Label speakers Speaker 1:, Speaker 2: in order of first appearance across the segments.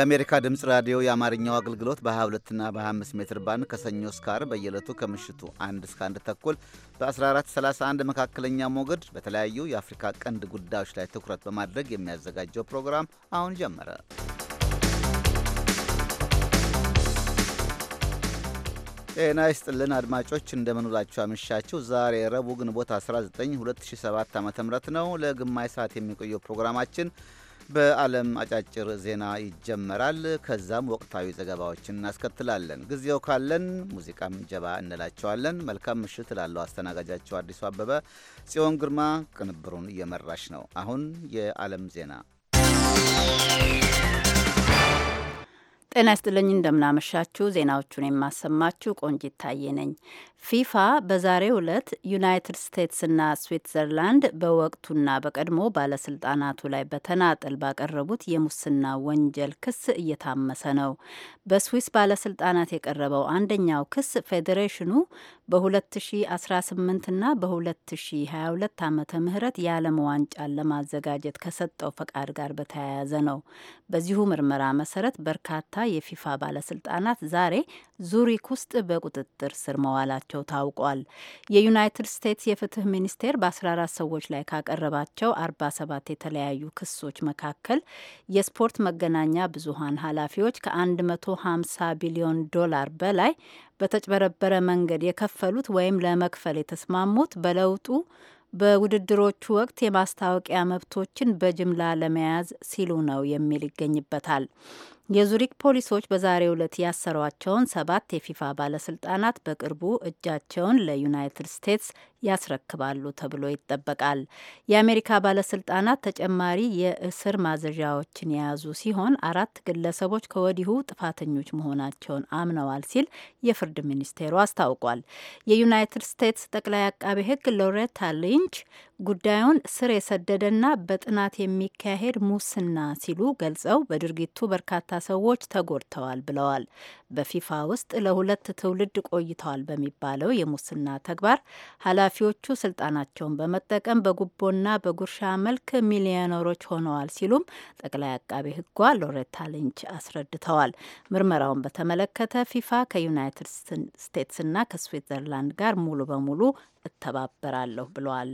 Speaker 1: የአሜሪካ ድምፅ ራዲዮ የአማርኛው አገልግሎት በ22ና በ25 ሜትር ባንድ ከሰኞ እስከ ዓርብ በየዕለቱ ከምሽቱ 1 እስከ 1 ተኩል በ1431 መካከለኛ ሞገድ በተለያዩ የአፍሪካ ቀንድ ጉዳዮች ላይ ትኩረት በማድረግ የሚያዘጋጀው ፕሮግራም አሁን ጀመረ። ጤና ይስጥልን አድማጮች፣ እንደምንውላችሁ አመሻችሁ። ዛሬ ረቡዕ ግንቦት 19 2007 ም ነው። ለግማሽ ሰዓት የሚቆየው ፕሮግራማችን በዓለም አጫጭር ዜና ይጀመራል። ከዛም ወቅታዊ ዘገባዎችን እናስከትላለን። ጊዜው ካለን ሙዚቃም ጀባ እንላቸዋለን። መልካም ምሽት ላለው አስተናጋጃቸው አዲሱ አበበ። ጽዮን ግርማ ቅንብሩን እየመራች ነው። አሁን የዓለም ዜና
Speaker 2: ጤና ይስጥልኝ እንደምናመሻችሁ። ዜናዎቹን የማሰማችሁ ቆንጂት ታዬ ነኝ። ፊፋ በዛሬው ዕለት ዩናይትድ ስቴትስና ስዊትዘርላንድ በወቅቱና በቀድሞ ባለስልጣናቱ ላይ በተናጠል ባቀረቡት የሙስና ወንጀል ክስ እየታመሰ ነው። በስዊስ ባለስልጣናት የቀረበው አንደኛው ክስ ፌዴሬሽኑ በ2018ና በ2022 ዓመተ ምህረት የዓለም ዋንጫን ለማዘጋጀት ከሰጠው ፈቃድ ጋር በተያያዘ ነው። በዚሁ ምርመራ መሰረት በርካታ የፊፋ ባለስልጣናት ዛሬ ዙሪክ ውስጥ በቁጥጥር ስር መዋላቸው ታውቋል። የዩናይትድ ስቴትስ የፍትህ ሚኒስቴር በ14 ሰዎች ላይ ካቀረባቸው 47 የተለያዩ ክሶች መካከል የስፖርት መገናኛ ብዙሀን ኃላፊዎች ከ150 ቢሊዮን ዶላር በላይ በተጭበረበረ መንገድ የከፈሉት ወይም ለመክፈል የተስማሙት በለውጡ በውድድሮቹ ወቅት የማስታወቂያ መብቶችን በጅምላ ለመያዝ ሲሉ ነው የሚል ይገኝበታል። የዙሪክ ፖሊሶች በዛሬው ዕለት ያሰሯቸውን ሰባት የፊፋ ባለስልጣናት በቅርቡ እጃቸውን ለዩናይትድ ስቴትስ ያስረክባሉ ተብሎ ይጠበቃል። የአሜሪካ ባለስልጣናት ተጨማሪ የእስር ማዘዣዎችን የያዙ ሲሆን አራት ግለሰቦች ከወዲሁ ጥፋተኞች መሆናቸውን አምነዋል ሲል የፍርድ ሚኒስቴሩ አስታውቋል። የዩናይትድ ስቴትስ ጠቅላይ አቃቤ ሕግ ሎሬታ ሊንች ጉዳዩን ስር የሰደደና በጥናት የሚካሄድ ሙስና ሲሉ ገልጸው በድርጊቱ በርካታ ሰዎች ተጎድተዋል ብለዋል። በፊፋ ውስጥ ለሁለት ትውልድ ቆይተዋል በሚባለው የሙስና ተግባር ኃላፊዎቹ ስልጣናቸውን በመጠቀም በጉቦና በጉርሻ መልክ ሚሊዮነሮች ሆነዋል ሲሉም ጠቅላይ አቃቤ ሕጓ ሎሬታ ሊንች አስረድተዋል። ምርመራውን በተመለከተ ፊፋ ከዩናይትድ ስቴትስና ከስዊትዘርላንድ ጋር ሙሉ በሙሉ እተባበራለሁ ብለዋል።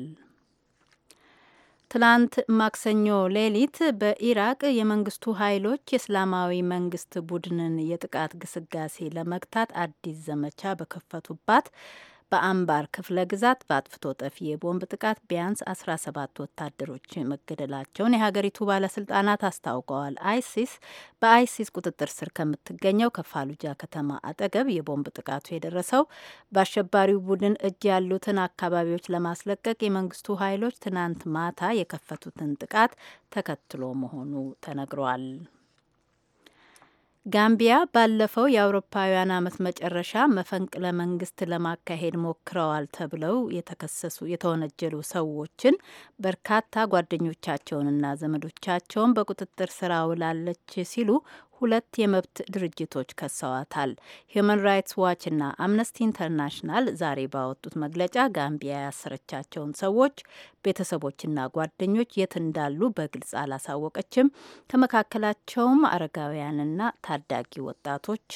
Speaker 2: ትላንት ማክሰኞ ሌሊት በኢራቅ የመንግስቱ ኃይሎች የእስላማዊ መንግስት ቡድንን የጥቃት ግስጋሴ ለመግታት አዲስ ዘመቻ በከፈቱባት በአምባር ክፍለ ግዛት በአጥፍቶ ጠፊ የቦምብ ጥቃት ቢያንስ 17 ወታደሮች መገደላቸውን የሀገሪቱ ባለስልጣናት አስታውቀዋል። አይሲስ በአይሲስ ቁጥጥር ስር ከምትገኘው ከፋሉጃ ከተማ አጠገብ የቦምብ ጥቃቱ የደረሰው በአሸባሪው ቡድን እጅ ያሉትን አካባቢዎች ለማስለቀቅ የመንግስቱ ኃይሎች ትናንት ማታ የከፈቱትን ጥቃት ተከትሎ መሆኑ ተነግሯል። ጋምቢያ ባለፈው የአውሮፓውያን አመት መጨረሻ መፈንቅለ መንግስት ለማካሄድ ሞክረዋል ተብለው የተከሰሱ የተወነጀሉ ሰዎችን በርካታ ጓደኞቻቸውንና ዘመዶቻቸውን በቁጥጥር ስር አውላለች ሲሉ ሁለት የመብት ድርጅቶች ከሰዋታል። ሂዩማን ራይትስ እና አምነስቲ ኢንተርናሽናል ዛሬ ባወጡት መግለጫ ጋምቢያ ያሰረቻቸውን ሰዎች ቤተሰቦችና ጓደኞች የት እንዳሉ በግልጽ አላሳወቀችም፣ ከመካከላቸውም አረጋውያንና ታዳጊ ወጣቶች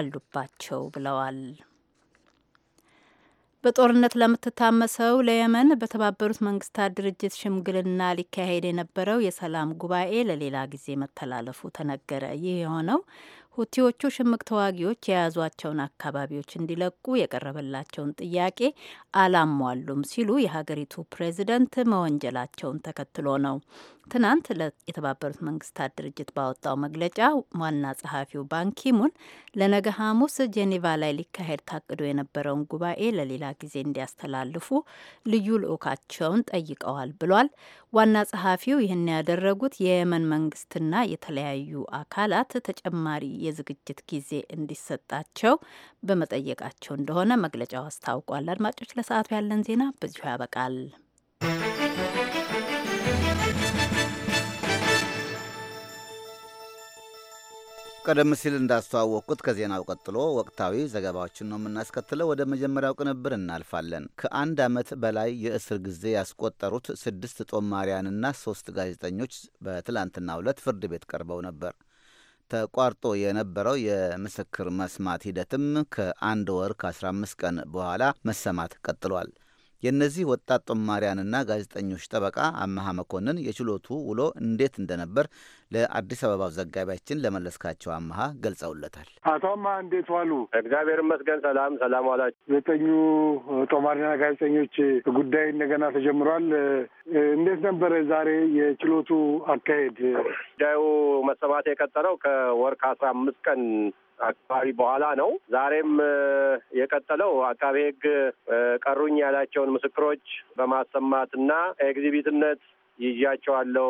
Speaker 2: አሉባቸው ብለዋል። በጦርነት ለምትታመሰው ለየመን በተባበሩት መንግስታት ድርጅት ሽምግልና ሊካሄድ የነበረው የሰላም ጉባኤ ለሌላ ጊዜ መተላለፉ ተነገረ። ይህ የሆነው ሁቲዎቹ ሽምቅ ተዋጊዎች የያዟቸውን አካባቢዎች እንዲለቁ የቀረበላቸውን ጥያቄ አላሟሉም ሲሉ የሀገሪቱ ፕሬዚደንት መወንጀላቸውን ተከትሎ ነው። ትናንት የተባበሩት መንግስታት ድርጅት ባወጣው መግለጫ ዋና ጸሐፊው ባንኪሙን ለነገ ሐሙስ ጄኔቫ ላይ ሊካሄድ ታቅዶ የነበረውን ጉባኤ ለሌላ ጊዜ እንዲያስተላልፉ ልዩ ልዑካቸውን ጠይቀዋል ብሏል። ዋና ጸሐፊው ይህን ያደረጉት የየመን መንግስትና የተለያዩ አካላት ተጨማሪ የዝግጅት ጊዜ እንዲሰጣቸው በመጠየቃቸው እንደሆነ መግለጫው አስታውቋል። አድማጮች፣ ለሰዓቱ ያለን ዜና በዚሁ ያበቃል።
Speaker 1: ቀደም ሲል እንዳስተዋወቅኩት ከዜናው ቀጥሎ ወቅታዊ ዘገባዎችን ነው የምናስከትለው። ወደ መጀመሪያው ቅንብር እናልፋለን። ከአንድ ዓመት በላይ የእስር ጊዜ ያስቆጠሩት ስድስት ጦማሪያንና ሶስት ጋዜጠኞች በትላንትናው ዕለት ፍርድ ቤት ቀርበው ነበር። ተቋርጦ የነበረው የምስክር መስማት ሂደትም ከአንድ ወር ከ15 ቀን በኋላ መሰማት ቀጥሏል። የእነዚህ ወጣት ጦማሪያንና ጋዜጠኞች ጠበቃ አመሃ መኮንን የችሎቱ ውሎ እንዴት እንደነበር ለአዲስ አበባው ዘጋቢያችን ለመለስካቸው አመሃ ገልጸውለታል።
Speaker 3: አቶ አመሃ እንዴት ዋሉ? እግዚአብሔር ይመስገን ሰላም ሰላም ዋላችሁ። ዘጠኙ ጦማሪና ጋዜጠኞች ጉዳይ እንደገና ተጀምሯል። እንዴት ነበረ ዛሬ የችሎቱ አካሄድ? ጉዳዩ መሰማት የቀጠለው ከወር ከአስራ አምስት ቀን አካባቢ በኋላ ነው። ዛሬም የቀጠለው አቃቤ ሕግ ቀሩኝ ያላቸውን ምስክሮች በማሰማትና ኤግዚቢትነት ይዣቸዋለሁ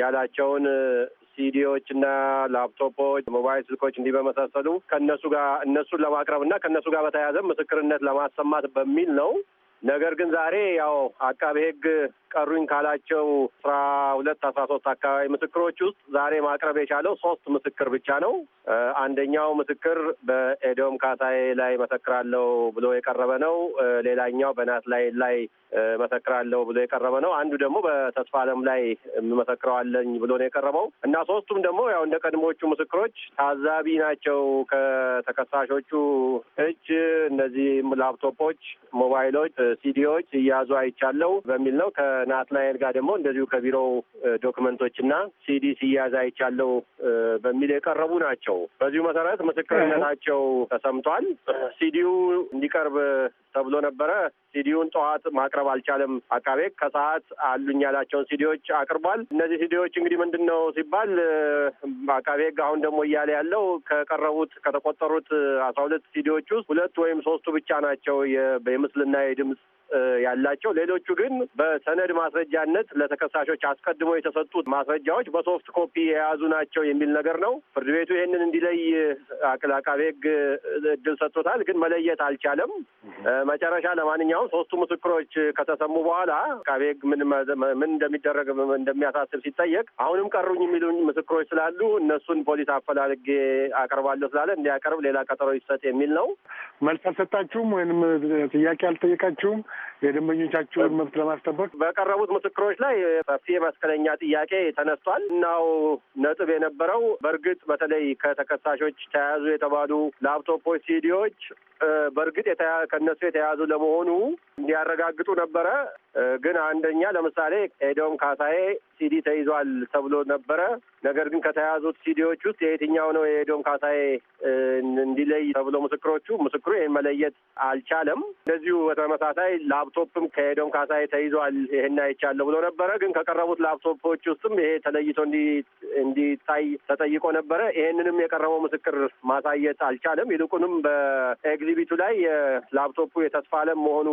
Speaker 3: ያላቸውን ሲዲዎች እና ላፕቶፖች፣ ሞባይል ስልኮች እንዲህ በመሳሰሉ ከእነሱ ጋር እነሱን ለማቅረብ እና ከእነሱ ጋር በተያያዘ ምስክርነት ለማሰማት በሚል ነው። ነገር ግን ዛሬ ያው አቃቤ ሕግ ቀሩኝ ካላቸው አስራ ሁለት አስራ ሶስት አካባቢ ምስክሮች ውስጥ ዛሬ ማቅረብ የቻለው ሶስት ምስክር ብቻ ነው። አንደኛው ምስክር በኤዶም ካሳዬ ላይ መሰክራለሁ ብሎ የቀረበ ነው። ሌላኛው በናትላይ ላይ አለው ብሎ የቀረበ ነው። አንዱ ደግሞ በተስፋ አለም ላይ የምመሰክረዋለኝ ብሎ ነው የቀረበው እና ሶስቱም ደግሞ ያው እንደ ቀድሞቹ ምስክሮች ታዛቢ ናቸው። ከተከሳሾቹ እጅ እነዚህ ላፕቶፖች፣ ሞባይሎች፣ ሲዲዎች ሲያዙ አይቻለው በሚል ነው። ከናትናኤል ጋር ደግሞ እንደዚሁ ከቢሮው ዶክመንቶች እና ሲዲ ሲያዝ አይቻለው በሚል የቀረቡ ናቸው። በዚሁ መሰረት ምስክርነታቸው ተሰምቷል። ሲዲው እንዲቀርብ ተብሎ ነበረ። ሲዲውን ጠዋት ማቅረብ አልቻለም። አቃቤ ከሰዓት አሉኝ ያላቸውን ሲዲዎች አቅርቧል። እነዚህ ሲዲዎች እንግዲህ ምንድን ነው ሲባል አቃቤ ሕግ አሁን ደግሞ እያለ ያለው ከቀረቡት ከተቆጠሩት አስራ ሁለት ሲዲዎች ውስጥ ሁለት ወይም ሶስቱ ብቻ ናቸው የምስልና የድምፅ ያላቸው፣ ሌሎቹ ግን በሰነድ ማስረጃነት ለተከሳሾች አስቀድሞ የተሰጡት ማስረጃዎች በሶፍት ኮፒ የያዙ ናቸው የሚል ነገር ነው። ፍርድ ቤቱ ይህንን እንዲለይ አቃቤ ሕግ እድል ሰጥቶታል፣ ግን መለየት አልቻለም። መጨረሻ ለማንኛውም ሶስቱ ምስክሮች ከተሰሙ በኋላ አቃቤ ሕግ ምን እንደሚደረግ እንደሚያሳስብ ሲጠየቅ አሁንም ቀሩኝ የሚሉኝ ምስክሮች ስላሉ እነሱን ፖሊስ አፈላልጌ አቀርባለሁ ስላለ እንዲያቀርብ ሌላ ቀጠሮ ይሰጥ የሚል ነው። መልስ አልሰጣችሁም ወይም ጥያቄ አልጠየቃችሁም? የደንበኞቻቸውን መብት ለማስጠበቅ በቀረቡት ምስክሮች ላይ ሰፊ መስቀለኛ ጥያቄ ተነስቷል። እናው ነጥብ የነበረው በእርግጥ በተለይ ከተከሳሾች ተያያዙ የተባሉ ላፕቶፖች፣ ሲዲዎች በእርግጥ ከእነሱ የተያያዙ ለመሆኑ እንዲያረጋግጡ ነበረ። ግን አንደኛ ለምሳሌ ኤዶም ካሳዬ ሲዲ ተይዟል ተብሎ ነበረ። ነገር ግን ከተያዙት ሲዲዎች ውስጥ የየትኛው ነው የኤዶም ካሳዬ እንዲለይ ተብሎ ምስክሮቹ ምስክሩ ይህን መለየት አልቻለም። እንደዚሁ በተመሳሳይ ላፕቶፕም ከኤዶም ካሳዬ ተይዟል ይህን አይቻለሁ ብሎ ነበረ። ግን ከቀረቡት ላፕቶፖች ውስጥም ይሄ ተለይቶ እንዲታይ ተጠይቆ ነበረ። ይሄንንም የቀረበው ምስክር ማሳየት አልቻለም። ይልቁንም በኤግዚቢቱ ላይ የላፕቶፑ የተስፋለም መሆኑ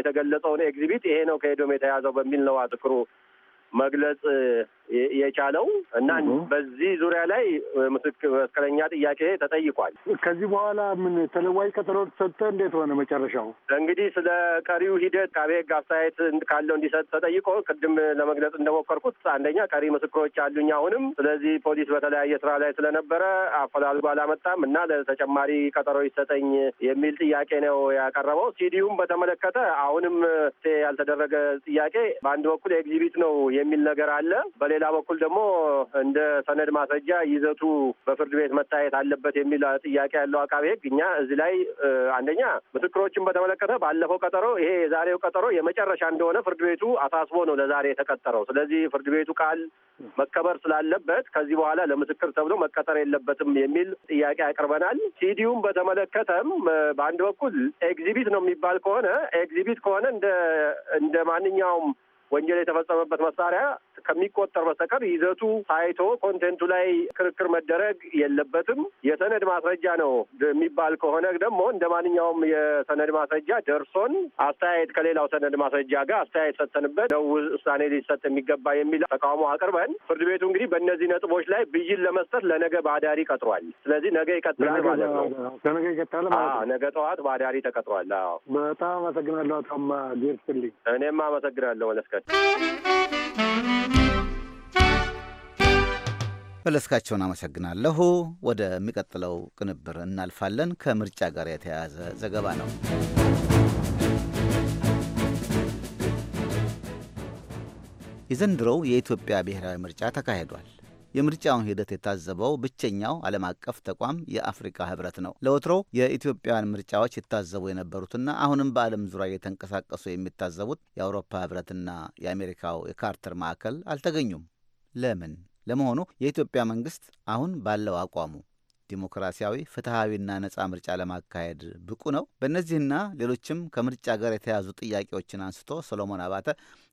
Speaker 3: የተገለጸውን ኤግዚቢት ይሄ ነው አካሄዶም የተያዘው በሚል ነው አጥቅሮ መግለጽ የቻለው እና በዚህ ዙሪያ ላይ ምስክር መስቀለኛ ጥያቄ ተጠይቋል። ከዚህ በኋላ ምን ተለዋጭ ቀጠሮ ተሰጠ? እንዴት ሆነ መጨረሻው? እንግዲህ ስለ ቀሪው ሂደት አቃቤ ህግ አስተያየት ካለው እንዲሰጥ ተጠይቆ ቅድም ለመግለጽ እንደሞከርኩት አንደኛ ቀሪ ምስክሮች አሉኝ አሁንም። ስለዚህ ፖሊስ በተለያየ ስራ ላይ ስለነበረ አፈላልጎ አላመጣም እና ለተጨማሪ ቀጠሮ ይሰጠኝ የሚል ጥያቄ ነው ያቀረበው። ሲዲዩም በተመለከተ አሁንም ያልተደረገ ጥያቄ በአንድ በኩል ኤግዚቢት ነው የሚል ነገር አለ በሌ በሌላ በኩል ደግሞ እንደ ሰነድ ማስረጃ ይዘቱ በፍርድ ቤት መታየት አለበት የሚል ጥያቄ ያለው አቃቤ ሕግ እኛ እዚህ ላይ አንደኛ ምስክሮችን በተመለከተ ባለፈው ቀጠሮ ይሄ የዛሬው ቀጠሮ የመጨረሻ እንደሆነ ፍርድ ቤቱ አሳስቦ ነው ለዛሬ የተቀጠረው። ስለዚህ ፍርድ ቤቱ ቃል መከበር ስላለበት ከዚህ በኋላ ለምስክር ተብሎ መቀጠር የለበትም የሚል ጥያቄ ያቀርበናል። ሲዲውም በተመለከተም በአንድ በኩል ኤግዚቢት ነው የሚባል ከሆነ ኤግዚቢት ከሆነ እንደ እንደ ማንኛውም ወንጀል የተፈጸመበት መሳሪያ ከሚቆጠር በስተቀር ይዘቱ ታይቶ ኮንቴንቱ ላይ ክርክር መደረግ የለበትም። የሰነድ ማስረጃ ነው የሚባል ከሆነ ደግሞ እንደ ማንኛውም የሰነድ ማስረጃ ደርሶን አስተያየት ከሌላው ሰነድ ማስረጃ ጋር አስተያየት ሰተንበት ነው ውሳኔ ሊሰጥ የሚገባ የሚል ተቃውሞ አቅርበን ፍርድ ቤቱ እንግዲህ በእነዚህ ነጥቦች ላይ ብይን ለመስጠት ለነገ ባዳሪ ቀጥሯል። ስለዚህ ነገ ይቀጥላል ማለት ነው። ነገ ይቀጥላል ማለት ነው። ነገ ጠዋት ባዳሪ ተቀጥሯል። አዎ በጣም አመሰግናለሁ። አቶ ማ ጌርስልኝ እኔም አመሰግናለሁ መለስከት
Speaker 1: መለስካቸውን አመሰግናለሁ። ወደሚቀጥለው ቅንብር እናልፋለን። ከምርጫ ጋር የተያያዘ ዘገባ ነው። የዘንድሮው የኢትዮጵያ ብሔራዊ ምርጫ ተካሂዷል። የምርጫውን ሂደት የታዘበው ብቸኛው ዓለም አቀፍ ተቋም የአፍሪካ ህብረት ነው። ለወትሮ የኢትዮጵያን ምርጫዎች የታዘቡ የነበሩትና አሁንም በዓለም ዙሪያ እየተንቀሳቀሱ የሚታዘቡት የአውሮፓ ህብረትና የአሜሪካው የካርተር ማዕከል አልተገኙም። ለምን? ለመሆኑ የኢትዮጵያ መንግስት አሁን ባለው አቋሙ ዲሞክራሲያዊ ፍትሐዊና ነጻ ምርጫ ለማካሄድ ብቁ ነው? በእነዚህና ሌሎችም ከምርጫ ጋር የተያዙ ጥያቄዎችን አንስቶ ሰሎሞን አባተ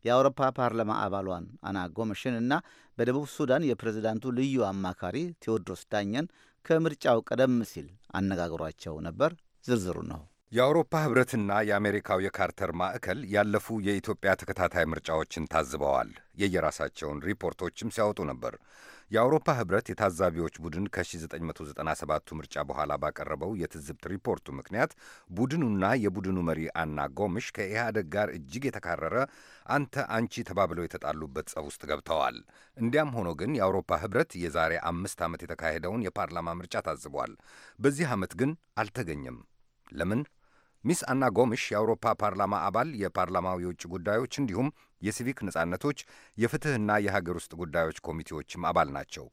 Speaker 1: የአውሮፓ ፓርላማ አባሏን አና ጎመሽን እና በደቡብ ሱዳን የፕሬዝዳንቱ ልዩ አማካሪ ቴዎድሮስ ዳኘን ከምርጫው ቀደም ሲል አነጋግሯቸው ነበር። ዝርዝሩ ነው። የአውሮፓ ህብረትና የአሜሪካው የካርተር ማዕከል ያለፉ የኢትዮጵያ ተከታታይ ምርጫዎችን
Speaker 4: ታዝበዋል። የየራሳቸውን ሪፖርቶችም ሲያወጡ ነበር። የአውሮፓ ህብረት የታዛቢዎች ቡድን ከ1997ቱ ምርጫ በኋላ ባቀረበው የትዝብት ሪፖርቱ ምክንያት ቡድኑና የቡድኑ መሪ አና ጎምሽ ከኢህአደግ ጋር እጅግ የተካረረ አንተ አንቺ ተባብለው የተጣሉበት ጸብ ውስጥ ገብተዋል። እንዲያም ሆኖ ግን የአውሮፓ ህብረት የዛሬ አምስት ዓመት የተካሄደውን የፓርላማ ምርጫ ታዝቧል። በዚህ ዓመት ግን አልተገኘም። ለምን? ሚስ አና ጎምሽ የአውሮፓ ፓርላማ አባል፣ የፓርላማው የውጭ ጉዳዮች እንዲሁም የሲቪክ ነጻነቶች የፍትህና የሀገር ውስጥ ጉዳዮች ኮሚቴዎችም አባል ናቸው።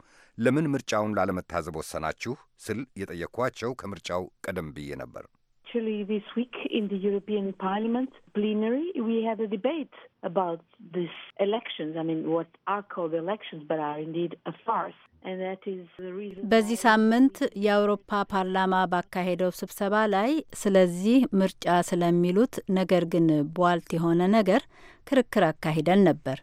Speaker 4: ለምን ምርጫውን ላለመታዘብ ወሰናችሁ ስል የጠየቅኳቸው ከምርጫው ቀደም ብዬ ነበር።
Speaker 2: በዚህ ሳምንት የአውሮፓ ፓርላማ ባካሄደው ስብሰባ ላይ ስለዚህ ምርጫ ስለሚሉት ነገር ግን ቧልት የሆነ ነገር ክርክር አካሂደን ነበር።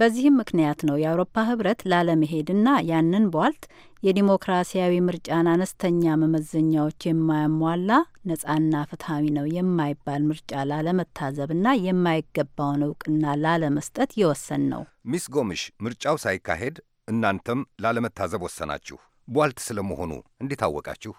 Speaker 2: በዚህም ምክንያት ነው የአውሮፓ ህብረት ላለመሄድና ያንን ቧልት የዲሞክራሲያዊ ምርጫን አነስተኛ መመዘኛዎች የማያሟላ ነጻና ፍትሐዊ ነው የማይባል ምርጫ ላለመታዘብና የማይገባውን እውቅና ላለመስጠት የወሰን ነው።
Speaker 4: ሚስ ጎምሽ ምርጫው ሳይካሄድ እናንተም ላለመታዘብ ወሰናችሁ። ቧልት ስለመሆኑ እንዴት አወቃችሁ?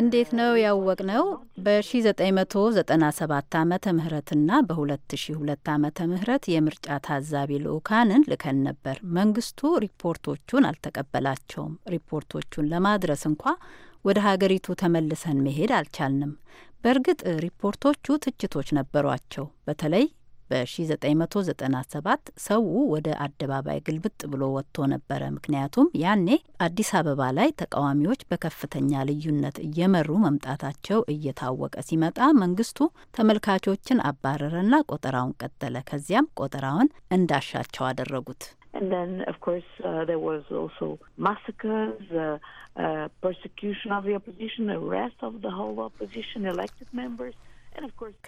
Speaker 2: እንዴት ነው ያወቅነው? በ1997 ዓመተ ምህረትና በ2002 ዓመተ ምህረት የምርጫ ታዛቢ ልዑካንን ልከን ነበር። መንግስቱ ሪፖርቶቹን አልተቀበላቸውም። ሪፖርቶቹን ለማድረስ እንኳ ወደ ሀገሪቱ ተመልሰን መሄድ አልቻልንም። በእርግጥ ሪፖርቶቹ ትችቶች ነበሯቸው። በተለይ በ1997 ሰው ወደ አደባባይ ግልብጥ ብሎ ወጥቶ ነበረ። ምክንያቱም ያኔ አዲስ አበባ ላይ ተቃዋሚዎች በከፍተኛ ልዩነት እየመሩ መምጣታቸው እየታወቀ ሲመጣ መንግስቱ ተመልካቾችን አባረረና ቆጠራውን ቀጠለ። ከዚያም ቆጠራውን እንዳሻቸው አደረጉት።
Speaker 5: And then, of course, uh, there was also massacres, uh, uh, persecution of the opposition, arrest of the whole opposition, elected members.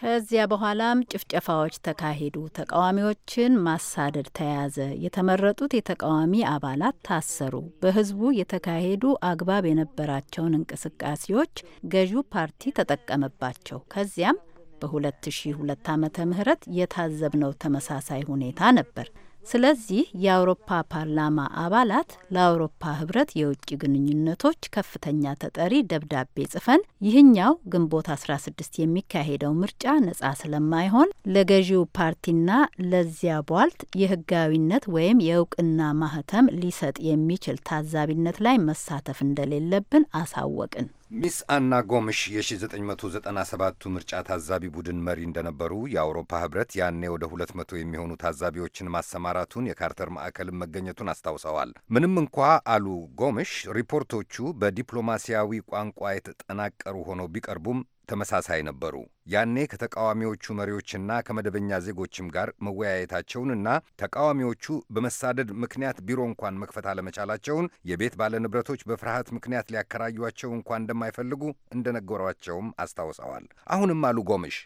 Speaker 2: ከዚያ በኋላም ጭፍጨፋዎች ተካሄዱ። ተቃዋሚዎችን ማሳደድ ተያዘ። የተመረጡት የተቃዋሚ አባላት ታሰሩ። በህዝቡ የተካሄዱ አግባብ የነበራቸውን እንቅስቃሴዎች ገዢው ፓርቲ ተጠቀመባቸው። ከዚያም በ2002 ዓመተ ምህረት የታዘብነው ተመሳሳይ ሁኔታ ነበር። ስለዚህ የአውሮፓ ፓርላማ አባላት ለአውሮፓ ህብረት የውጭ ግንኙነቶች ከፍተኛ ተጠሪ ደብዳቤ ጽፈን ይህኛው ግንቦት 16 የሚካሄደው ምርጫ ነጻ ስለማይሆን ለገዢው ፓርቲና ለዚያ ቧልት የህጋዊነት ወይም የእውቅና ማህተም ሊሰጥ የሚችል ታዛቢነት ላይ መሳተፍ እንደሌለብን አሳወቅን።
Speaker 4: ሚስ አና ጎምሽ የ1997ቱ ምርጫ ታዛቢ ቡድን መሪ እንደነበሩ የአውሮፓ ህብረት ያኔ ወደ 200 መቶ የሚሆኑ ታዛቢዎችን ማሰማራቱን የካርተር ማዕከልን መገኘቱን አስታውሰዋል። ምንም እንኳ አሉ ጎምሽ ሪፖርቶቹ በዲፕሎማሲያዊ ቋንቋ የተጠናቀሩ ሆነው ቢቀርቡም ተመሳሳይ ነበሩ። ያኔ ከተቃዋሚዎቹ መሪዎችና ከመደበኛ ዜጎችም ጋር መወያየታቸውንና ተቃዋሚዎቹ በመሳደድ ምክንያት ቢሮ እንኳን መክፈት አለመቻላቸውን፣ የቤት ባለንብረቶች በፍርሃት ምክንያት ሊያከራዩቸው እንኳን እንደማይፈልጉ እንደነገሯቸውም አስታውሰዋል። አሁንም አሉ ጎምሽ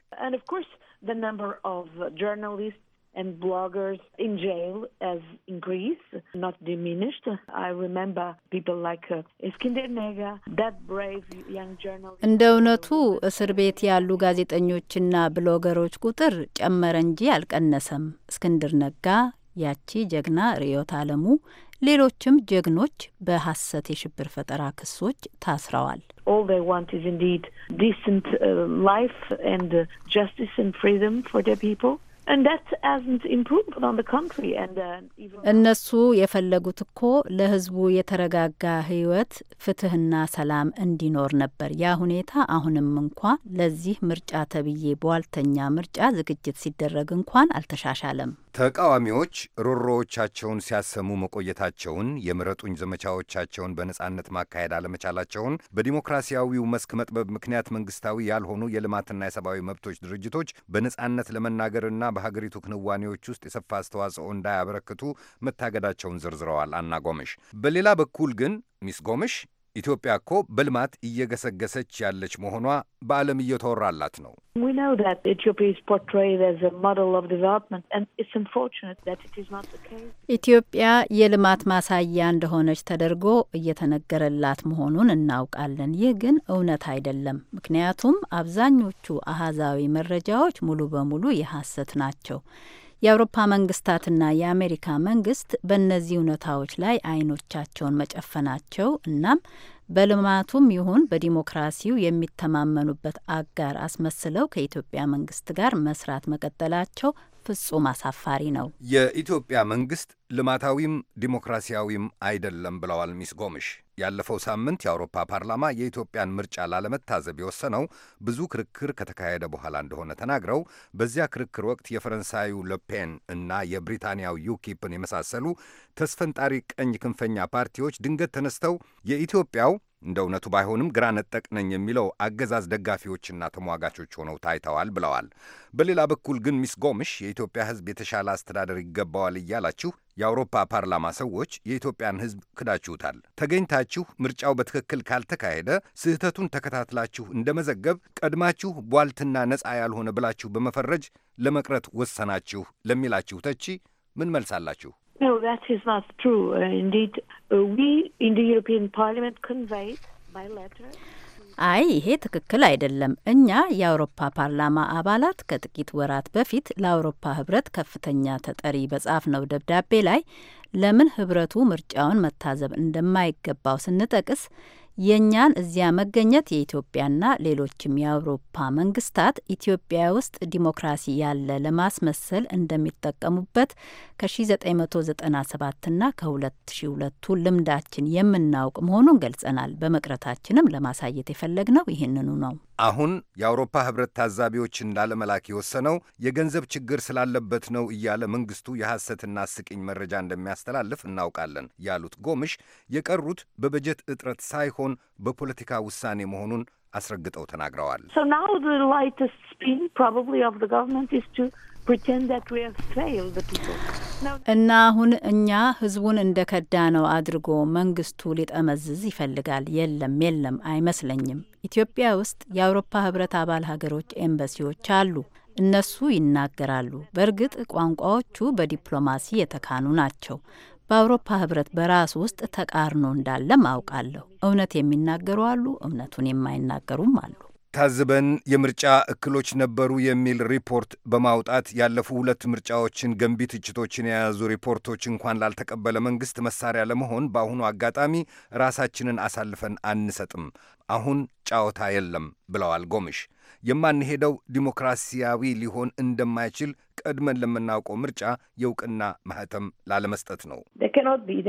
Speaker 5: and bloggers in jail as in Greece, not diminished. I remember people like Iskinder Nega, that brave young journalist.
Speaker 2: እንደ እውነቱ እስር ቤት ያሉ ጋዜጠኞችና ብሎገሮች ቁጥር ጨመረ እንጂ አልቀነሰም። እስክንድር ነጋ፣ ያቺ ጀግና ርዕዮት አለሙ፣ ሌሎችም ጀግኖች በሐሰት የሽብር ፈጠራ ክሶች ታስረዋል። all they want is indeed decent uh, life and uh, justice and freedom for their people. Uh, እነሱ የፈለጉት እኮ ለህዝቡ የተረጋጋ ህይወት ፍትህና ሰላም እንዲኖር ነበር። ያ ሁኔታ አሁንም እንኳ ለዚህ ምርጫ ተብዬ በዋልተኛ ምርጫ ዝግጅት ሲደረግ እንኳን አልተሻሻለም።
Speaker 4: ተቃዋሚዎች ሮሮዎቻቸውን ሲያሰሙ መቆየታቸውን፣ የምረጡኝ ዘመቻዎቻቸውን በነጻነት ማካሄድ አለመቻላቸውን፣ በዲሞክራሲያዊው መስክ መጥበብ ምክንያት መንግስታዊ ያልሆኑ የልማትና የሰብአዊ መብቶች ድርጅቶች በነጻነት ለመናገርና በሀገሪቱ ክንዋኔዎች ውስጥ የሰፋ አስተዋጽኦ እንዳያበረክቱ መታገዳቸውን ዘርዝረዋል አና ጎምሽ። በሌላ በኩል ግን ሚስ ጎምሽ ኢትዮጵያ እኮ በልማት እየገሰገሰች ያለች መሆኗ በዓለም እየተወራላት ነው።
Speaker 2: ኢትዮጵያ የልማት ማሳያ እንደሆነች ተደርጎ እየተነገረላት መሆኑን እናውቃለን። ይህ ግን እውነት አይደለም። ምክንያቱም አብዛኞቹ አሃዛዊ መረጃዎች ሙሉ በሙሉ የሐሰት ናቸው። የአውሮፓ መንግስታትና የአሜሪካ መንግስት በእነዚህ እውነታዎች ላይ አይኖቻቸውን መጨፈናቸው እናም በልማቱም ይሁን በዲሞክራሲው የሚተማመኑበት አጋር አስመስለው ከኢትዮጵያ መንግስት ጋር መስራት መቀጠላቸው ፍጹም አሳፋሪ ነው።
Speaker 4: የኢትዮጵያ መንግስት ልማታዊም ዲሞክራሲያዊም አይደለም ብለዋል ሚስ ጎምሽ። ያለፈው ሳምንት የአውሮፓ ፓርላማ የኢትዮጵያን ምርጫ ላለመታዘብ የወሰነው ብዙ ክርክር ከተካሄደ በኋላ እንደሆነ ተናግረው በዚያ ክርክር ወቅት የፈረንሳዩ ለፔን እና የብሪታንያው ዩኪፕን የመሳሰሉ ተስፈንጣሪ ቀኝ ክንፈኛ ፓርቲዎች ድንገት ተነስተው የኢትዮጵያው እንደ እውነቱ ባይሆንም ግራ ነጠቅ ነኝ የሚለው አገዛዝ ደጋፊዎችና ተሟጋቾች ሆነው ታይተዋል ብለዋል። በሌላ በኩል ግን ሚስ ጎምሽ የኢትዮጵያ ሕዝብ የተሻለ አስተዳደር ይገባዋል እያላችሁ የአውሮፓ ፓርላማ ሰዎች የኢትዮጵያን ሕዝብ ክዳችሁታል፣ ተገኝታችሁ ምርጫው በትክክል ካልተካሄደ ስህተቱን ተከታትላችሁ እንደመዘገብ ቀድማችሁ ቧልትና ነፃ ያልሆነ ብላችሁ በመፈረጅ ለመቅረት ወሰናችሁ ለሚላችሁ ተቺ ምን መልሳላችሁ?
Speaker 2: አይ ይሄ ትክክል አይደለም። እኛ የአውሮፓ ፓርላማ አባላት ከጥቂት ወራት በፊት ለአውሮፓ ህብረት ከፍተኛ ተጠሪ በጻፍነው ደብዳቤ ላይ ለምን ህብረቱ ምርጫውን መታዘብ እንደማይገባው ስንጠቅስ የእኛን እዚያ መገኘት የኢትዮጵያና ሌሎችም የአውሮፓ መንግስታት ኢትዮጵያ ውስጥ ዲሞክራሲ ያለ ለማስመሰል እንደሚጠቀሙበት ከ1997ና ከ2002ቱ ልምዳችን የምናውቅ መሆኑን ገልጸናል። በመቅረታችንም ለማሳየት የፈለግነው ይህንኑ ነው።
Speaker 4: አሁን የአውሮፓ ህብረት ታዛቢዎችን ላለመላክ የወሰነው የገንዘብ ችግር ስላለበት ነው እያለ መንግስቱ የሐሰትና አስቂኝ መረጃ እንደሚያስተላልፍ እናውቃለን ያሉት ጎምሽ የቀሩት በበጀት እጥረት ሳይሆን በፖለቲካ ውሳኔ መሆኑን አስረግጠው ተናግረዋል።
Speaker 2: እና አሁን እኛ ህዝቡን እንደ ከዳ ነው አድርጎ መንግስቱ ሊጠመዝዝ ይፈልጋል። የለም የለም፣ አይመስለኝም። ኢትዮጵያ ውስጥ የአውሮፓ ህብረት አባል ሀገሮች ኤምባሲዎች አሉ። እነሱ ይናገራሉ። በእርግጥ ቋንቋዎቹ በዲፕሎማሲ የተካኑ ናቸው። በአውሮፓ ህብረት በራሱ ውስጥ ተቃርኖ እንዳለ ማውቃለሁ። እውነት የሚናገሩ አሉ፣ እውነቱን የማይናገሩም አሉ።
Speaker 4: ታዝበን የምርጫ እክሎች ነበሩ የሚል ሪፖርት በማውጣት ያለፉ ሁለት ምርጫዎችን ገንቢ ትችቶችን የያዙ ሪፖርቶች እንኳን ላልተቀበለ መንግስት መሳሪያ ለመሆን በአሁኑ አጋጣሚ ራሳችንን አሳልፈን አንሰጥም፣ አሁን ጫወታ የለም ብለዋል ጎምሽ። የማንሄደው ዲሞክራሲያዊ ሊሆን እንደማይችል ቀድመን ለምናውቀው ምርጫ የእውቅና ማህተም ላለመስጠት
Speaker 5: ነው። ሪፖርተሮች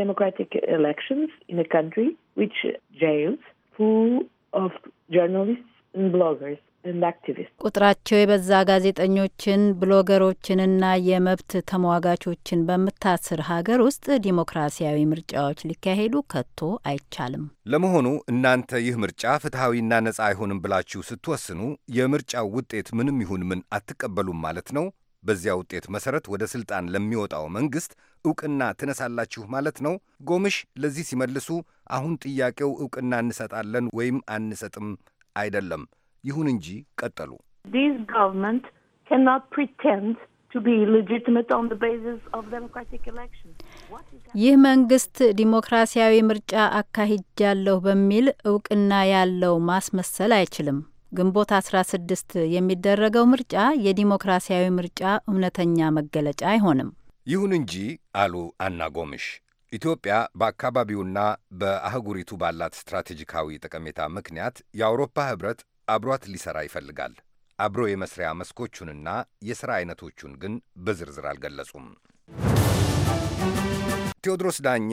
Speaker 2: ቁጥራቸው የበዛ ጋዜጠኞችን ብሎገሮችንና የመብት ተሟጋቾችን በምታስር ሀገር ውስጥ ዲሞክራሲያዊ ምርጫዎች ሊካሄዱ ከቶ አይቻልም።
Speaker 4: ለመሆኑ እናንተ ይህ ምርጫ ፍትሐዊና ነጻ አይሆንም ብላችሁ ስትወስኑ የምርጫው ውጤት ምንም ይሁን ምን አትቀበሉም ማለት ነው? በዚያ ውጤት መሰረት ወደ ስልጣን ለሚወጣው መንግስት እውቅና ትነሳላችሁ ማለት ነው? ጎምሽ ለዚህ ሲመልሱ አሁን ጥያቄው እውቅና እንሰጣለን ወይም አንሰጥም አይደለም። ይሁን እንጂ ቀጠሉ
Speaker 2: ይህ መንግስት ዲሞክራሲያዊ ምርጫ አካሂጃለሁ በሚል እውቅና ያለው ማስመሰል አይችልም። ግንቦት 16 የሚደረገው ምርጫ የዲሞክራሲያዊ ምርጫ እውነተኛ መገለጫ አይሆንም።
Speaker 4: ይሁን እንጂ አሉ አና ጎምሽ ኢትዮጵያ በአካባቢውና በአህጉሪቱ ባላት ስትራቴጂካዊ ጠቀሜታ ምክንያት የአውሮፓ ኅብረት አብሯት ሊሠራ ይፈልጋል። አብሮ የመስሪያ መስኮቹንና የሥራ ዐይነቶቹን ግን በዝርዝር አልገለጹም። ቴዎድሮስ ዳኘ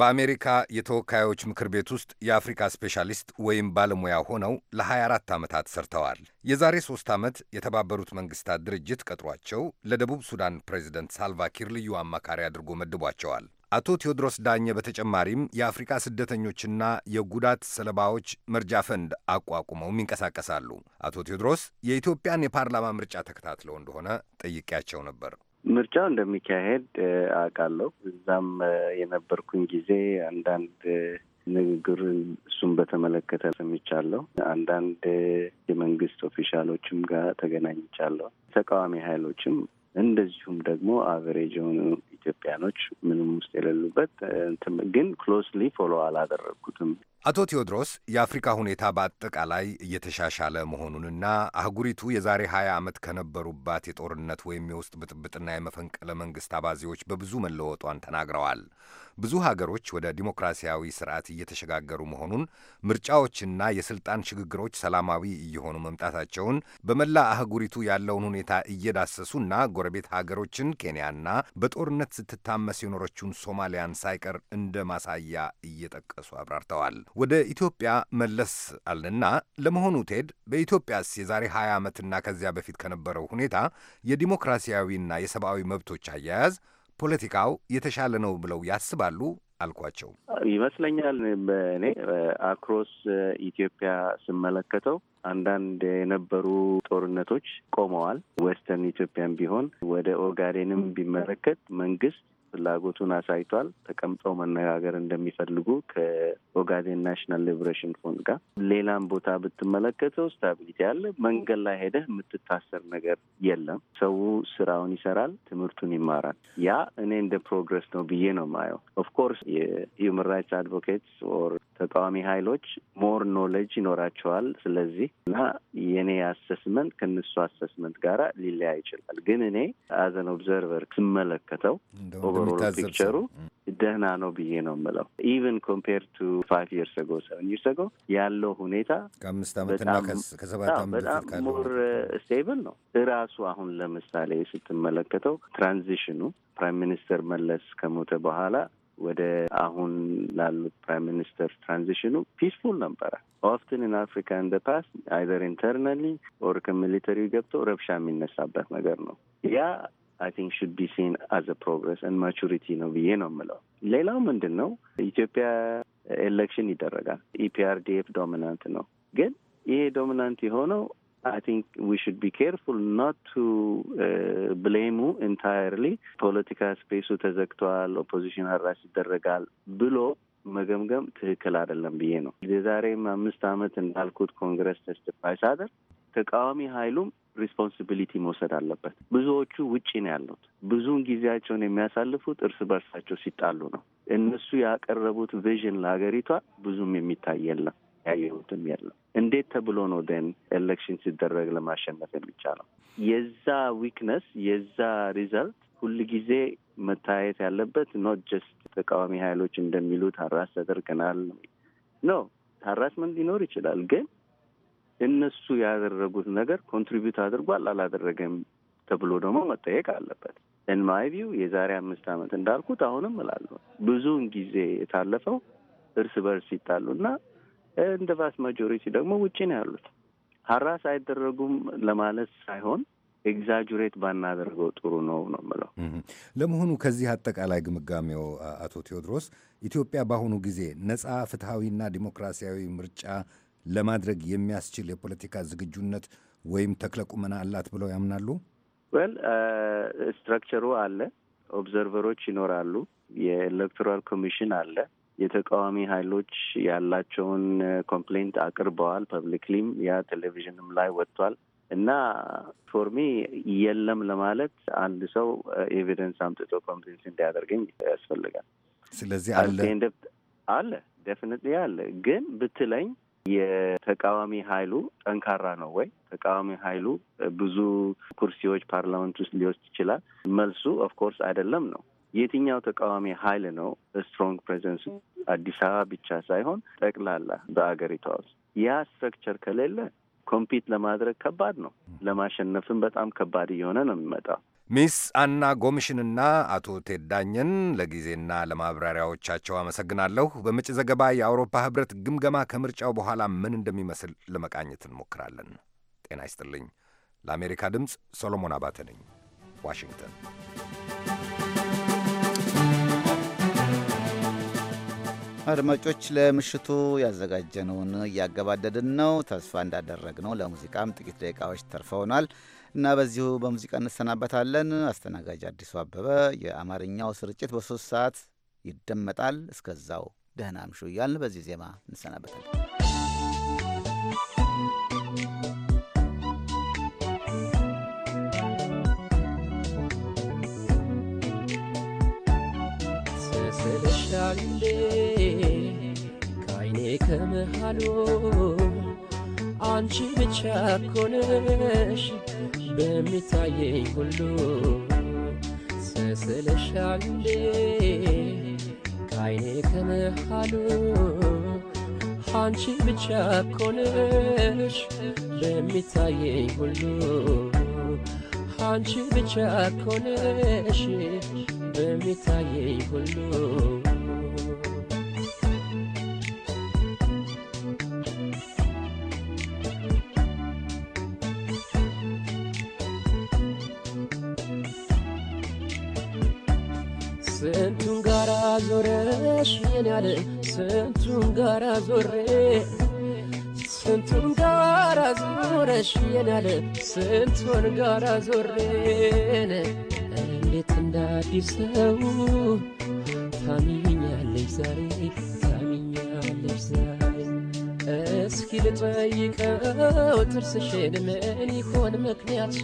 Speaker 4: በአሜሪካ የተወካዮች ምክር ቤት ውስጥ የአፍሪካ ስፔሻሊስት ወይም ባለሙያ ሆነው ለ24 ዓመታት ሰርተዋል። የዛሬ ሦስት ዓመት የተባበሩት መንግሥታት ድርጅት ቀጥሯቸው ለደቡብ ሱዳን ፕሬዚደንት ሳልቫኪር ልዩ አማካሪ አድርጎ መድቧቸዋል። አቶ ቴዎድሮስ ዳኘ በተጨማሪም የአፍሪካ ስደተኞችና የጉዳት ሰለባዎች መርጃ ፈንድ አቋቁመውም ይንቀሳቀሳሉ። አቶ ቴዎድሮስ የኢትዮጵያን የፓርላማ ምርጫ ተከታትለው እንደሆነ ጠይቄያቸው ነበር።
Speaker 6: ምርጫው እንደሚካሄድ አውቃለሁ። እዛም የነበርኩኝ ጊዜ አንዳንድ ንግግር እሱም በተመለከተ ሰምቻለሁ። አንዳንድ የመንግስት ኦፊሻሎችም ጋር ተገናኝቻለሁ። ተቃዋሚ ኃይሎችም እንደዚሁም ደግሞ አቨሬጅ የሆኑ ኢትዮጵያኖች ምንም ውስጥ የሌሉበት ግን ክሎዝሊ ፎሎ አላደረግኩትም።
Speaker 4: አቶ ቴዎድሮስ የአፍሪካ ሁኔታ በአጠቃላይ እየተሻሻለ መሆኑንና አህጉሪቱ የዛሬ 20 ዓመት ከነበሩባት የጦርነት ወይም የውስጥ ብጥብጥና የመፈንቅለ መንግሥት አባዜዎች በብዙ መለወጧን ተናግረዋል። ብዙ ሀገሮች ወደ ዲሞክራሲያዊ ስርዓት እየተሸጋገሩ መሆኑን፣ ምርጫዎችና የስልጣን ሽግግሮች ሰላማዊ እየሆኑ መምጣታቸውን፣ በመላ አህጉሪቱ ያለውን ሁኔታ እየዳሰሱና ጎረቤት ሀገሮችን ኬንያና በጦርነት ስትታመስ የኖረችውን ሶማሊያን ሳይቀር እንደ ማሳያ እየጠቀሱ አብራርተዋል። ወደ ኢትዮጵያ መለስ አልንና ለመሆኑ ቴድ በኢትዮጵያስ የዛሬ 20 ዓመትና ከዚያ በፊት ከነበረው ሁኔታ የዲሞክራሲያዊና የሰብአዊ መብቶች አያያዝ ፖለቲካው የተሻለ ነው ብለው ያስባሉ? አልኳቸው።
Speaker 6: ይመስለኛል በእኔ አክሮስ ኢትዮጵያ ስመለከተው አንዳንድ የነበሩ ጦርነቶች ቆመዋል። ዌስተርን ኢትዮጵያን ቢሆን ወደ ኦጋዴንም ቢመለከት መንግስት ፍላጎቱን አሳይቷል። ተቀምጠው መነጋገር እንደሚፈልጉ ከኦጋዴን ናሽናል ሊብሬሽን ፎንድ ጋር። ሌላም ቦታ ብትመለከተው ስታቢሊቲ ያለ መንገድ ላይ ሄደህ የምትታሰር ነገር የለም። ሰው ስራውን ይሰራል፣ ትምህርቱን ይማራል። ያ እኔ እንደ ፕሮግረስ ነው ብዬ ነው የማየው። ኦፍኮርስ የሂውማን ራይትስ አድቮኬትስ ኦር ተቃዋሚ ሀይሎች ሞር ኖሌጅ ይኖራቸዋል። ስለዚህ እና የእኔ አሰስመንት ከእነሱ አሰስመንት ጋራ ሊለያ ይችላል። ግን እኔ አዘን ኦብዘርቨር ስመለከተው ኦቨሮል ፒክቸሩ ደህና ነው ብዬ ነው የምለው። ኢቨን ኮምፔር ቱ ፋይቭ ይርስ ጎ ሰቨን ይርስ ጎ ያለው ሁኔታ ከአምስት ዓመትና ከሰባት ዓመት በጣም ሞር ስቴብል uh, ነው። እራሱ አሁን ለምሳሌ ስትመለከተው ትራንዚሽኑ ፕራይም ሚኒስተር መለስ ከሞተ በኋላ ወደ አሁን ላሉት ፕራይም ሚኒስተር ትራንዚሽኑ ፒስፉል ነበረ። ኦፍትን ኢን አፍሪካ እንደ ፓስት አይዘር ኢንተርናሊ ኦር ከሚሊተሪ ገብቶ ረብሻ የሚነሳበት ነገር ነው ያ አይ ቲንክ ሹድ ቢ ሲን አዝ ፕሮግረስ ን ማቹሪቲ ነው ብዬ ነው የምለው። ሌላው ምንድን ነው ኢትዮጵያ ኤሌክሽን ይደረጋል። ኢፒአርዲኤፍ ዶሚናንት ነው፣ ግን ይሄ ዶሚናንት የሆነው አይ ቲንክ ዊ ሹድ ቢ ኬርፉል ኖት ቱ ብሌሙ ኢንታየርሊ ፖለቲካ ስፔሱ ተዘግተዋል፣ ኦፖዚሽን ሀራስ ይደረጋል ብሎ መገምገም ትክክል አይደለም ብዬ ነው። የዛሬም አምስት ዓመት እንዳልኩት ኮንግረስ ተስፋ ሳደር ተቃዋሚ ሀይሉም ሪስፖንሲቢሊቲ መውሰድ አለበት። ብዙዎቹ ውጪ ነው ያሉት። ብዙውን ጊዜያቸውን የሚያሳልፉት እርስ በርሳቸው ሲጣሉ ነው። እነሱ ያቀረቡት ቪዥን ለሀገሪቷ ብዙም የሚታይ የለም፣ ያየሁትም የለም። እንዴት ተብሎ ነው ደን ኤሌክሽን ሲደረግ ለማሸነፍ የሚቻለው? የዛ ዊክነስ የዛ ሪዘልት ሁልጊዜ መታየት ያለበት ኖት ጀስት ተቃዋሚ ሀይሎች እንደሚሉት አራስ ተደርገናል ነው ሀራስመንት ሊኖር ይችላል ግን እነሱ ያደረጉት ነገር ኮንትሪቢዩት አድርጓል አላደረገም ተብሎ ደግሞ መጠየቅ አለበት። እንማይ ቪው የዛሬ አምስት ዓመት እንዳልኩት አሁንም እላለሁ ብዙውን ጊዜ የታለፈው እርስ በርስ ይጣሉና እንደ ቫስ ማጆሪቲ ደግሞ ውጭ ነው ያሉት። ሀራስ አይደረጉም ለማለት ሳይሆን ኤግዛጁሬት ባናደርገው ጥሩ ነው ነው ምለው።
Speaker 4: ለመሆኑ ከዚህ አጠቃላይ ግምጋሜው አቶ ቴዎድሮስ ኢትዮጵያ በአሁኑ ጊዜ ነጻ ፍትሐዊና ዲሞክራሲያዊ ምርጫ ለማድረግ የሚያስችል የፖለቲካ ዝግጁነት ወይም ተክለቁመና አላት ብለው ያምናሉ?
Speaker 6: ወል ስትራክቸሩ uh, አለ፣ ኦብዘርቨሮች ይኖራሉ፣ የኤሌክቶራል ኮሚሽን አለ። የተቃዋሚ ኃይሎች ያላቸውን ኮምፕሌንት uh, አቅርበዋል። ፐብሊክሊም ያ ቴሌቪዥንም ላይ ወጥቷል። እና ፎርሚ የለም ለማለት አንድ ሰው ኤቪደንስ uh, አምጥቶ ኮምፕሌንት እንዲያደርገኝ ያስፈልጋል። ስለዚህ አለ አለ ዴፊኒትሊ አለ። ግን ብትለኝ የተቃዋሚ ኃይሉ ጠንካራ ነው ወይ? ተቃዋሚ ኃይሉ ብዙ ኩርሲዎች ፓርላመንት ውስጥ ሊወስድ ይችላል? መልሱ ኦፍኮርስ አይደለም ነው። የትኛው ተቃዋሚ ኃይል ነው ስትሮንግ ፕሬዘንስ አዲስ አበባ ብቻ ሳይሆን ጠቅላላ በአገሪቷ ውስጥ? ያ ስትረክቸር ከሌለ ኮምፒት ለማድረግ ከባድ ነው። ለማሸነፍም በጣም
Speaker 4: ከባድ እየሆነ ነው የሚመጣው። ሚስ አና ጎምሽንና አቶ ቴዳኝን ለጊዜና ለማብራሪያዎቻቸው አመሰግናለሁ። በመጪ ዘገባ የአውሮፓ ህብረት ግምገማ ከምርጫው በኋላ ምን እንደሚመስል ለመቃኘት እንሞክራለን። ጤና ይስጥልኝ። ለአሜሪካ ድምፅ
Speaker 1: ሶሎሞን አባተ ነኝ፣ ዋሽንግተን። አድማጮች፣ ለምሽቱ ያዘጋጀነውን እያገባደድን ነው። ተስፋ እንዳደረግነው ለሙዚቃም ጥቂት ደቂቃዎች ተርፈውናል። እና በዚሁ በሙዚቃ እንሰናበታለን። አስተናጋጅ አዲሱ አበበ። የአማርኛው ስርጭት በሶስት ሰዓት ይደመጣል። እስከዛው ደህና አምሹ እያልን በዚህ ዜማ እንሰናበታለን።
Speaker 7: ስስልሻሌ ከአይኔ ከመሃሉ አንቺ ብቻ ኮነሽ በሚታየኝ ሁሉ ስስልሻል ከአይኔ ከመሃሉ አንቺ ብቻ ኮነሽ በሚታየኝ ሁሉ አንቺ ብቻ ኮነሽ በሚታየኝ ሁሉ ሆኖኛል ስንቱን ጋራ ዞሬ ስንቱን ጋራ ዞረሽኛል ስንቱን ጋራ ዞሬን እንዴት እንዳዲስ ሰው ታሚኛለሽ ዛሬ ታሚኛለሽ ዛሬ እስኪ ልጠይቀው ጥርስሽን ምን ይሆን ምክንያቱ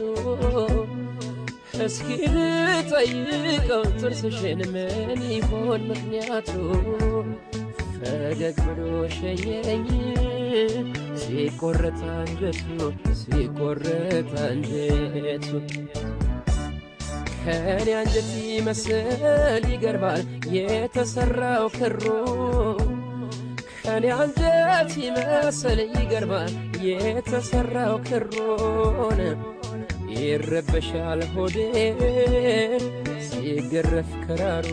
Speaker 7: እስኪ ልጠይቀው ጥርስሽን ምን ይሆን ምክንያቱ? ፈገግ ብሎ ሸኘኝ ሲቆረጥ አንጀቱ ሲቆረጥ አንጀቱ ከኔ አንጀት ይመስል ይገርባል የተሰራው ክሩ ከኔ አንጀት ይመስል ይገርባል የተሰራው ክሩን ይረበሻል ሆዴ ሲገረፍ ክራሩ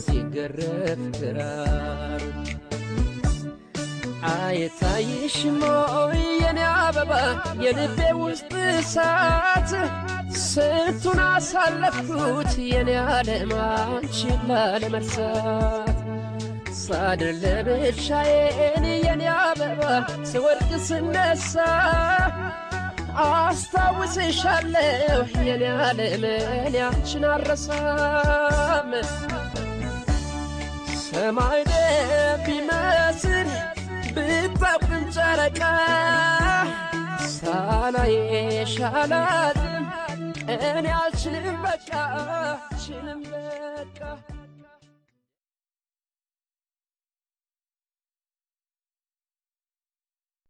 Speaker 7: ሲገረፍ ክራሩ አይታይሽም ሞይ የኔ አበባ የልቤ ውስጥ እሳት ስንቱን አሳለፍኩት የኔ ዓለም አንቺን ላለመርሳት ሳድር ለብቻዬን የኔ አበባ ስወድቅ ስነሳ አስታውስሻለሁ የኔ ዓለም እኔ አንቺን አረሳም ሰማይ ቢመስል ብታብቅም ጨረቃ ሳላይሽ አላልም እኔ አልችልም በቃ አልችልም በቃ